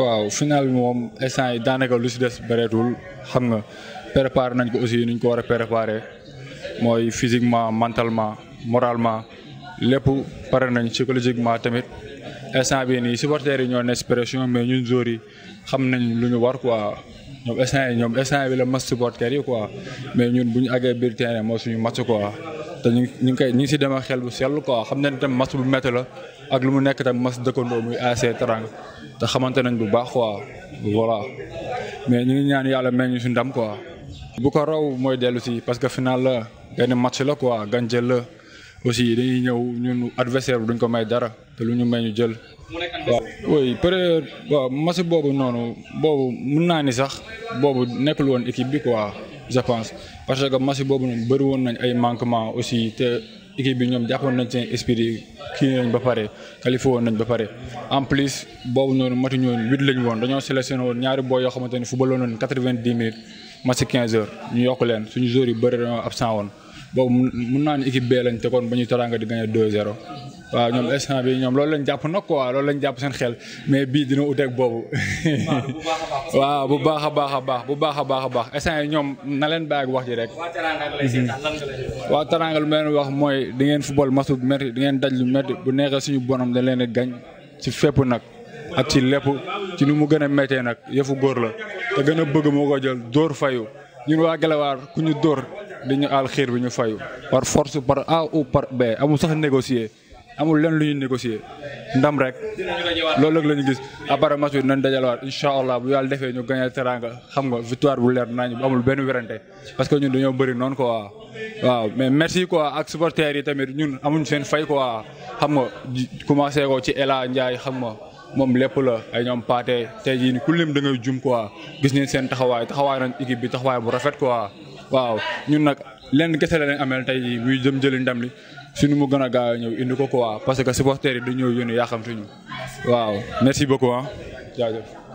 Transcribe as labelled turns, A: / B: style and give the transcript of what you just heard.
A: waaw final moom instant yi daanaka lu si des bëreetul xam nga préparé nañ ko aussi nuñ ko war a mooy physiquement mentalement moralement lépp pare nañ psychologiquement tamit instant bii nii supporters yi ñoo nekk pression mais ñun joueurs yi xam nañ lu ñu war quoi ñoom instant yi ñoom instant bi la match supporters yi quoi mais ñun bu ñu àggee biir terrain moo suñu match quoi. te ñu ngi ñu ngi koy ñu ngi si demee xel bu sell quoi xam nañ tam mas bu métti la ak lu mu nekk tam mas dëkkandoo muy ASC Teranga te xamante nañ bu baax quoi voilà mais ñu ngi ñaan yàlla may ñu si ndam quoi. bu ko raw mooy dellu si parce que final la benn match la quoi gan jël la aussi dañuy ñëw ñun adversaire bi duñ ko may dara te lu ñu may ñu jël. waaw oui peut waaw boobu noonu boobu mun naa ni sax boobu nekkul woon équipe bi quoi. je pense parce que match boobu noonu bëri woon nañ ay manquement aussi te équipe bi ñoom jàppoon nañ seen esprit kii nañ ba pare qualifié woon nañ ba pare en plus boobu noonu matuñu woon huit lañ woon dañoo sélectionné woon ñaari booy yoo xamante ni football woon nañ quatre-vingt-dix minutes match quinze heures ñu yokk leen suñu joueurs yu bëri dañoo absent woon boobu mun naa ne équipe B lañ te kon ba ñu Teranga di gagné 2-0. waaw ñoom instant bi ñoom loolu lañ jàpp nag quoi loolu lañ jàpp seen xel mais bii dina uteeg boobu. waaw bu baax a baax a baax bu baax a baax a baax instant yi ñoom na leen bàyyi ak wax ji rek. waa Teranga lu ma leen wax mooy di ngeen football match bu métti di ngeen daj lu métti bu neexee suñu bonam da leen di gañ si fepp nag ak ci lépp ci nu mu gën a méttee nag yëfu góor la te gën a bëgg moo ko jël dóor fayu dañu aal xiir bi ñu fayu par force par A ou par B amul sax négocier amul lenn lu ñuy négocier ndam rek loolu rek la ñu gis après match bi nañ dajalewaat incha allah bu yàlla defee ñu gagné teranga xam nga victoire bu leer nañ bu amul benn werante parce que ñun dañoo bëri noonu quoi waaw mais merci quoi ak supporters yi tamit ñun amuñ seen fay quoi xam nga commencé ko ci Ela Ndiaye xam nga moom lépp la ay ñoom paate te jii ku lim da ngay jum quoi gis neen seen taxawaay taxawaay nañ équipe bi taxawaay bu rafet quoi. waaw ñun nag lenn kese la leen ameel tey muy jëm jëli ndam li suñu mu gën a gaaw ñëw indi ko quoi parce que supporters yi dañoo yónni yaa xam te ñu waaw merci beaucoup ah